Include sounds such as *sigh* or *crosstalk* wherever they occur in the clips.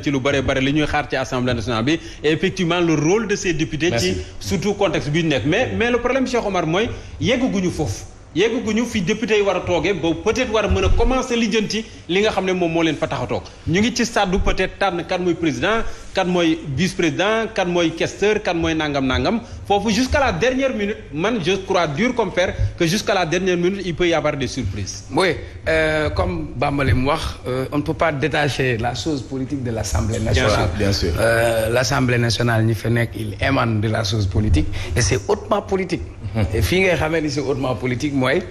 ci lu bare bare li ñuy xaar ci assemblée nationale bi et effectivement le rôle de ces députés ci surtout contexte bi ñu nekk mais mais le problème Cheikh Omar gu yegguñu foofu yegguñu fi député yi war a toogee ba peut-être war a mën a commencer lijjanti li nga xam ne moom moo leen fa tax a toog ñu ngi ci sàddu peut-être tànn kan mooy président kan mooy vice président kan mooy questeur kan mooy nangam nangam foofu jusqu'à la dernière minute man je crois dur comme fer que jusqu'à la dernière minute il peut y avoir des surprises. Euh, comme Bambale mu wax euh, on ne peut pas détacher la chose politique de l'Assemblée nationale. bien sûr bien sûr. Euh, l'Assemblée nationale ñi fa nekk il émane de la politique et *laughs* fii ngay xamee ni c'est hautement politique mooy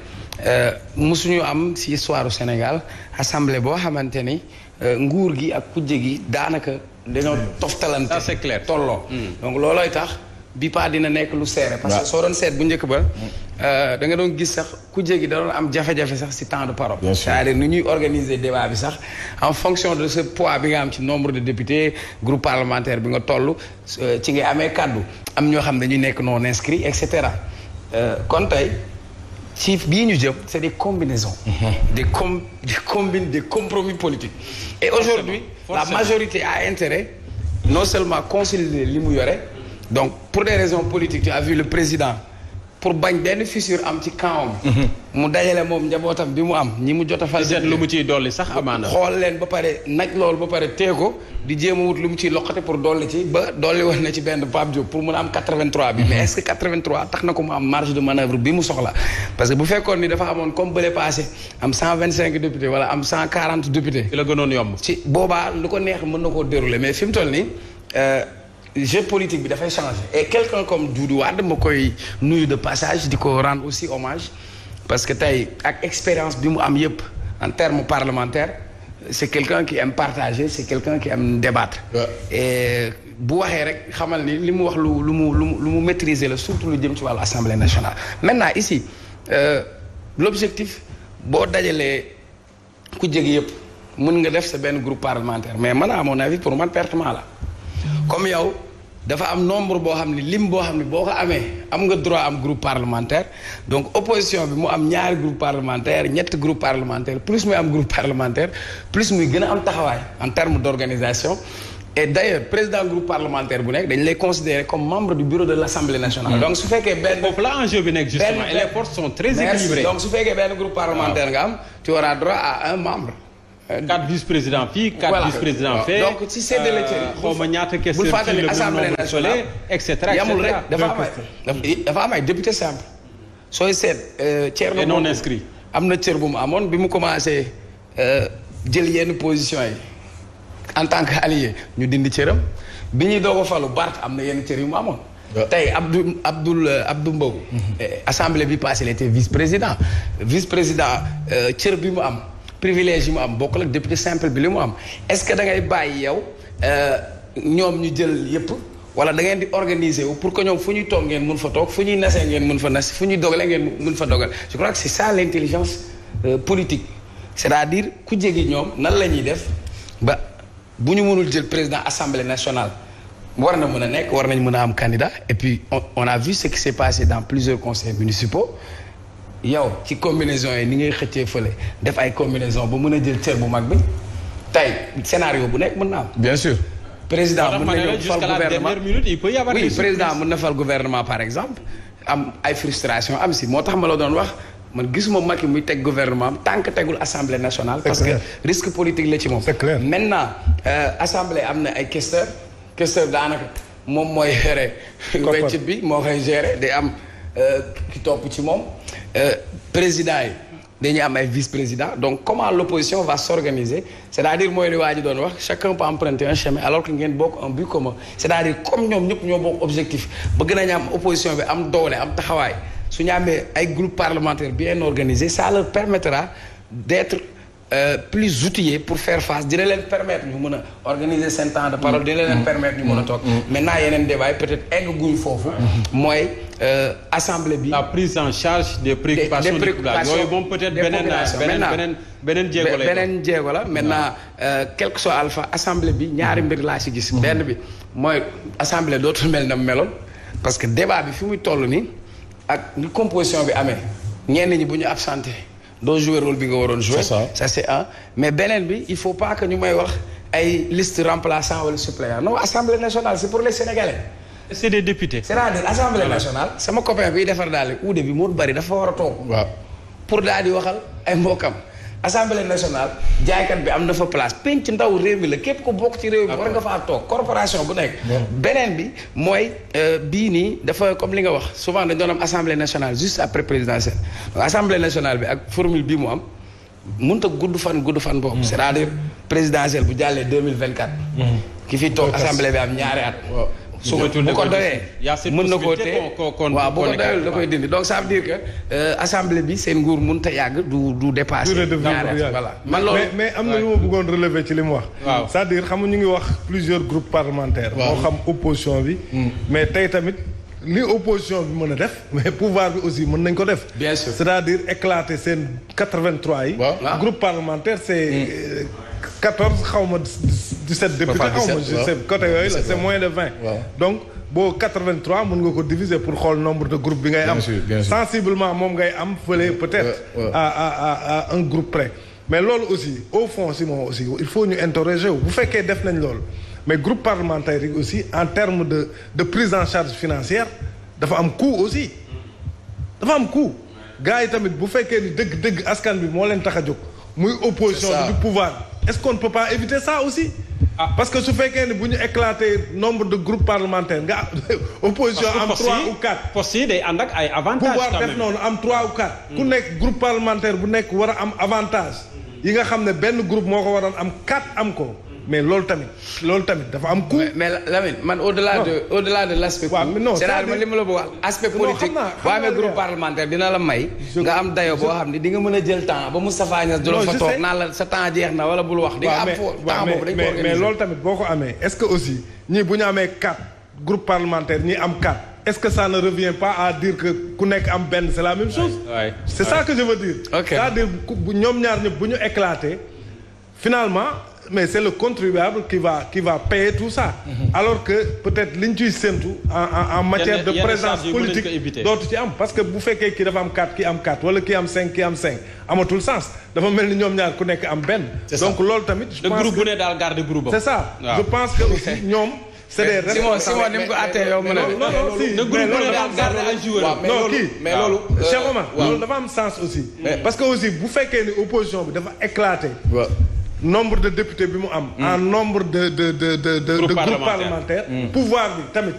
euh, musuñu am si histoire u Sénégal assemblée boo xamante ni euh, nguur gi ak kujje gi daanaka dañoo toftalante ça c'est tolloo hmm. donc loolooy tax bi pas dina nekk lu seere parce que soo doon seet bu njëkk ba hmm. euh, da nga doon gis sax kujje gi da doon am jafe-jafe sax si temps de parole c'est-à-dire ni ñuy organiser débat bi sax en fonction de ce poids bi nga am ci nombre de députés groupe parlementaire bi nga toll ci nga amee kàddu am ñoo xam dañuy nekk non inscrit et cetera Euh, kon tey chiffre bii ñu jëm c'est des combinaisons mhm. des com des des compromis politiques et aujourd'hui la majorité à intérêt non seulement consolider li mu yore donc pour des raisons politiques tu as vu le président pour bañ benn fissure am ci kawam. mu dajale moom njabootam bi mu am ñi mu jot a fal lu mu ciy dolli sax amaana. xool leen ba pare naj loolu ba pare tee ko di jéem a wut lu mu ciy loqate pour dolli ci ba dolli woon na ci benn Pape Diop pour mun a am 83 bi. mais est ce que tax na ko mu am marge de manœuvre bi mu soxla. parce que bu fekkoon ni dafa amoon comme bële passé am 125 députés wala am 140 députés. ci la gënoon yomb. ci boobaa lu ko neex mën na koo dérouler mais fi toll nii. Euh, jeu politique bi dafay changer et quelqu'un comme Doudou Wade ma koy nuyu de passage di ko rendre aussi hommage parce que tey ak expérience bi mu am yëpp en terme parlementaire c'est quelqu'un qui aime partager c'est quelqu'un qui aime débattre bu waxee rek xamal ni li mu wax lu lu mu lu mu lu mu maîtriser la surtout lu jëm ci wàllu assemblée nationale naa ici euh, l'objectif boo dajalee ku jég yëpp mën nga def sa benn groupe parlementaire mais man à mon avis pour man pertement la comme yow dafa am nombre boo xam ni lim boo xam ne boo ko amee am nga droit am groupe parlementaire donc opposition bi mu am ñaari groupe parlementaire ñett groupe parlementaire plus muy am groupe parlementaire plus muy gën a am taxawaay en terme d' et d' ailleurs président groupe parlementaire bu nekk dañ lay considérer comme membre du bureau de l' assemblée nationale. Hmm. donc su fekkee benn foofu la enjeu bi nekk justement et les forces sont groupe parlementaire nga am tu auras droit à Euh, quatre vice président fii. voilà quatre vice président fee. donc si séddale cër euh, xaw ma ñaata question. bul fàttali assemblée nationale et cetera yamul rek dafa am ay dafa am ay député simple. sooy seet. cër euh, la non inscrit am na cër bu mu amoon bi mu commencé jël yenn position yi en tant que allié ñu dindi cëram bi ñuy doog a falu Bart am na yenn cër yu mu amoon. tey Abdou Abdoul Abdou Mbow. Mhm. Eh, assemblée bi passé il était vice président vice président cër bi mu am. privilège yi mu am bokk ak député simple bi li mu am est-ce que da ngay bàyyi yow euh, ñoom ñu jël yëpp wala da ngeen di organiser wu pour que ñoom fu ñuy toog ngeen mun fa toog fu ñuy nasee ngeen mun fa nas fu ñuy dogalee ngeen mun fa dogal je crois que c'est ça l'intelligence euh, politique c'est-à-dire ku jegi ñoom nan la ñuy def ba bu ñu mënul jël président assemblée nationale war na mën a nekk war nañ mën a am candidat et puis on, a vu ce qui s'est passé dans plusieurs conseils municipaux yow ci combinaison yi ni ngay xëccee fële def ay combinaison ba mën a jël cër bu mag bi tey scénario bu nekk mun na am. bien sûr. président mën na fal gouvernement oui na fal gouvernement par exemple am ay frustration am si moo tax ma la doon wax man gisuma Macky muy teg gouvernement am tant que tegul assemblée nationale. parce que risque politique la ci moom. c'est clair maintenant euh, assemblée am na ay questeur questeur daanaka moom mooy gérer. *laughs* weccit bi moo koy gérer day am. ki topp ci moom euh, président yi dañuy am ay vice président donc comment l'opposition va s'organiser c'est-à-dire mooy li waa ji doon wax chacun peut emprunter un chemin alors que ngeen bokk un but commun c'est-à-dire comme ñoom ñëpp ñoo bokk objectif bëgg nañu am opposition bi am doole am taxawaay su ñu amee ay groupe parlementaire bien organisé ça leur permettra d'être Euh, plus outillés pour faire face dina leen permettre ñu mën a organiser seen temps de parole dina leen permettre ñu mun a toog maintenant yeneen débat yi peut-être egg guñ foofu euh, bi la prise en charge des préoccupations des préoccupations yooyu moom peut-être beneen beneen beneen jéego la beneen jéego la maintenant al euh, fa soit bi ñaari mbir laa si gis benn bi mooy assemblée dootul mel na meloon parce que débat bi fi muy toll nii ak ni composition bi amee ñenn ñi bu ñu absenté doo jouer rôle bi nga waroon jouer ça c'est un mais beneen bi il faut pas que ñu may wax ay list remplaçant wala suppléant non assemblée nationale c'est pour les sénégalais c'est des députés c'est-à-dire assemblée nationale sama copain bi defar daal uude bi moo bari dafa war a toog pour daal di waxal ay mbokkam assemblée nationale jaaykat bi am na fa place penc ndaw réew mi la képp ko bokk ci réew mi war nga faa toog corporation bu nekk beneen bi mooy euh, bii nii dafa comme li nga wax souvent dañ doon am assemblée nationale juste après présidentielle donc assemblée nationale bi ak formule bi mu am mun a gudd fan gudd fan boobu hmm. cest à présidentielle bu jàllee deux mille vingt-quatre hmm. ki fi toog assemblée bi am ñaari at su bu ko doyee mën na koo tee waaw bu ko doyul da koy dindi donc ça veut dire que euh, assemblée bi seen nguur mun ta yàgg du du dépasser voilà man mais am na lu ma bëggoon relever ci li mu wax c'est-à-dire xam ñu ngi wax plusieurs groupes parlementaires moo xam opposition bi hmm. mais tey tamit li opposition bi mën a def *laughs* mais pouvoir bi aussi mën nañ ko def. bien sûr c'est-à-dire éclater seen 83 yi. waaw groupe parlementaire c'est 14 xaw ma. 17 députés xaw ma je sais côté yooyu la c'est moins de 20 donc nga ko diviser pour xool nombre de groupe bi ngay am sensiblement moom ngay am fële peut-être à mais loolu aussi au fond si aussi il faut ñu interroger wu bu fekkee def nañ mais groupe parlementaire yi aussi en termes de de prise en charge financière dafa am coût aussi dafa am coût gars yi tamit bu fekkee ni dëgg-dëgg askan bi moo leen tax a jóg muy opposition du pouvoir est-ce qu'on ne peut pas éviter ça aussi ah parce que su fekkee ne bu ñu éclater nombre de groupe parlementaires nga *laughs* opposition am trois ou quatre postes yi ànd ak ay avantages pouvoir def noonu am trois ou quatre ku nekk groupe parlementaire bu nekk war a am avantage yi nga xam ne benn groupe moo ko waroon am quatre am ko mais loolu tamit loolu tamit dafa am. coût mais Lamine man au delà de au de l' aspect. waaw non c' li ma la bëgg wax aspect politique boo amee groupe parlementaire dina la may. nga am dayo boo xam ne di nga mën a jël temps ba Moustapha Niass du la fa toog naan la sa temps jeex na wala bul wax. di am foo temps mais loolu tamit boo ko amee est ce que aussi ñii bu ñu amee quatre groupe parlementaire ñii am quatre. est ce que ça ne revient pas à que ku nekk am benn c' est la même chose. waay c' est est ñaar ñëpp bu ñu éclaté finalement mais c'est le contribuable qui va qui va payer tout ça. Mhm. alors que peut-être li ñu ciy séntu en en matière de présence politique dootu ci am parce que bu fekkee ki dafa am 4 kii am 4 wala ki am 5 kii am 5 amatul sens dafa mel ni ñoom ñaar ku nekk am benn. donc loolu tamit je pense groupe bu ne daal garder groupe c'est ça je pense que aussi *laughs* ñoom. c'est des raisons si ni mu mais loolu dafa am sens non mais loolu. dafa am sens aussi. parce que aussi bu fekkee ni opposition bi dafa éclaté. nombre de députés bi mu am. Hmm. en nombre de de de de de. groupe parlementaire hmm. pouvoir bi tamit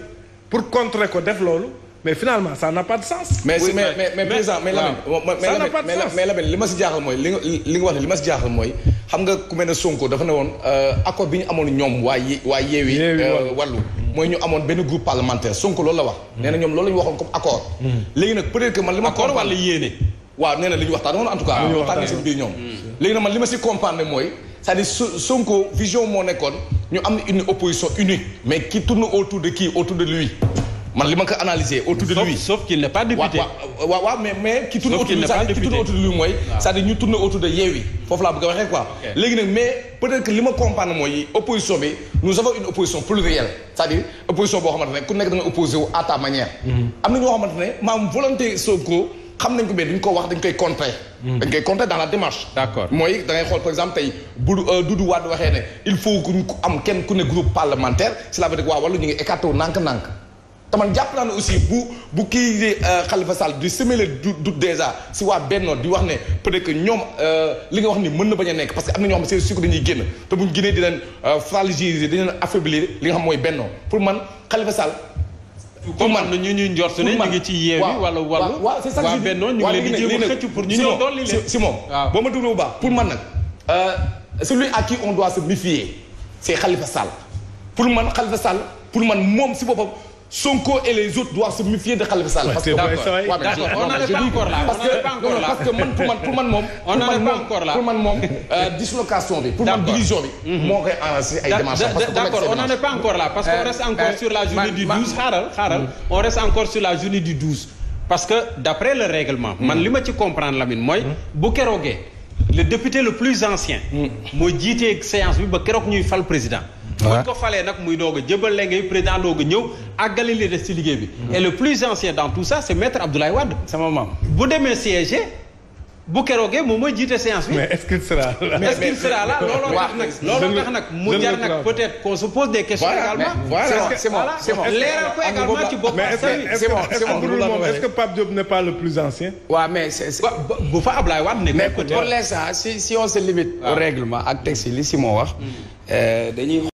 pour contrer ko def loolu. mais finalement ça n'a pas de sens. mais mais mais mais président mais Lamine. ça n'a pas de sens mais Lamine li ma si jaaxal mooy li nga li nga wax li ma si jaaxal mooy. xam nga ku mel ne Sonko dafa ne woon euh, accord bi ñu amoon ñoom waa ye waa yeewi. wàllu euh, mooy ñu amoon benn groupe parlementaire Sonko loolu la wax. Hmm. nee na ñoom loolu la ñu waxoon comme accord. léegi nag peut-être que man li ma. accord wàllu yéene. waaw nee na li ñu waxtaan woon en tout cas. waxtaan seen biir ñoom. léegi nag man li ma si comprendre mooy. cest Sonko vision moo nekkoon ñu am une opposition unique mais qui tourne autour de qui autour de lui man li ma ko analyser autour de lui sauf qu'il n'est pas autour de lui mooy ah. cest dire ñu tourne autour de Yewwi foofu laa bëgg a waxee léegi nag mais peut-être que li ma comprendre mooy opposition bi nous avons une opposition plurielle c'est-à-dire opposition boo xamante ku nekk da opposé wu à ta manière mhm. am na ñoo xamante ne maam volonté Sonko xam nañ ko mais duñ ko wax dañ koy contrer. Hmm. dañ koy contrer dans la démarche. d'accord mooy da ngay xool par exemple tey bu euh, Doudou Wade waxee ne il faut que am kenn ku ne groupe parlementaire cela veut dire wala ñu ngi écarté wu nànk-nànk. te man aussi bu bu kii di euh, Khalifa Sall di semer du doute déjà si waa Benno di wax ne peut-être que ñoom euh, li nga wax ni mën na bañ a nekk parce que am na ñoo xam ne seen sukk dañuy génn te buñ génnee dinañ fragiliser dinañ affaiblir li nga xam mooy Benno pour man Khalifa Sall. pour man comme ñu ñuy njort ne ñu ngi ci yeewi. wala wàllu waaw c'est ça waa Benno ñu ngi leen di jéem a xëcc ñu ñëw dolli leen si moom boo ma duglu bu baax pour man nag euh, celui à qui on doit se méfier c'est Khalifa Sall pour man Khalifa Sall pour man moom si boppam Sonko et les autres doivent se méfier de Khalifa Sall. parce que parce que man pour man pour man moom. on n'en est pas encore là pour man moom euh, dislocation bi. pour man division bi. Mhm. moo koy avancé ay démarches parce que d'accord on n'en est pas encore là parce que euh, euh, mhm. on reste encore sur la journée du 12 xaaral xaaral on reste encore sur la journée du 12. parce que d'après le règlement. man mhm. li ma ci comprendre Lamine mooy. bu keroogee le député le plus ancien. moo jiitee séance bi ba keroog ñuy fal président. buñ ko falee nag muy doog a jëbal léegi président doog a ñëw àggale li des ci liggéey bi mm-hmm. et le plus ancien dans tout ça c'est maître Abdoulaye Wade sama maam bu demee siège bu keroogee moom mooy jiite séance bi. mais est-ce qu'il sera là. est-ce qu'il sera là looloo tax nag. looloo tax nag mu jar nag peut-être qu'on se des questions. également c'est bon c'est leeral ko également ci boppam. c'est bon c'est bon est-ce que Pape Diop n'est pas le plus ancien. waaw mais c'est bu ah. moo wax mm. euh,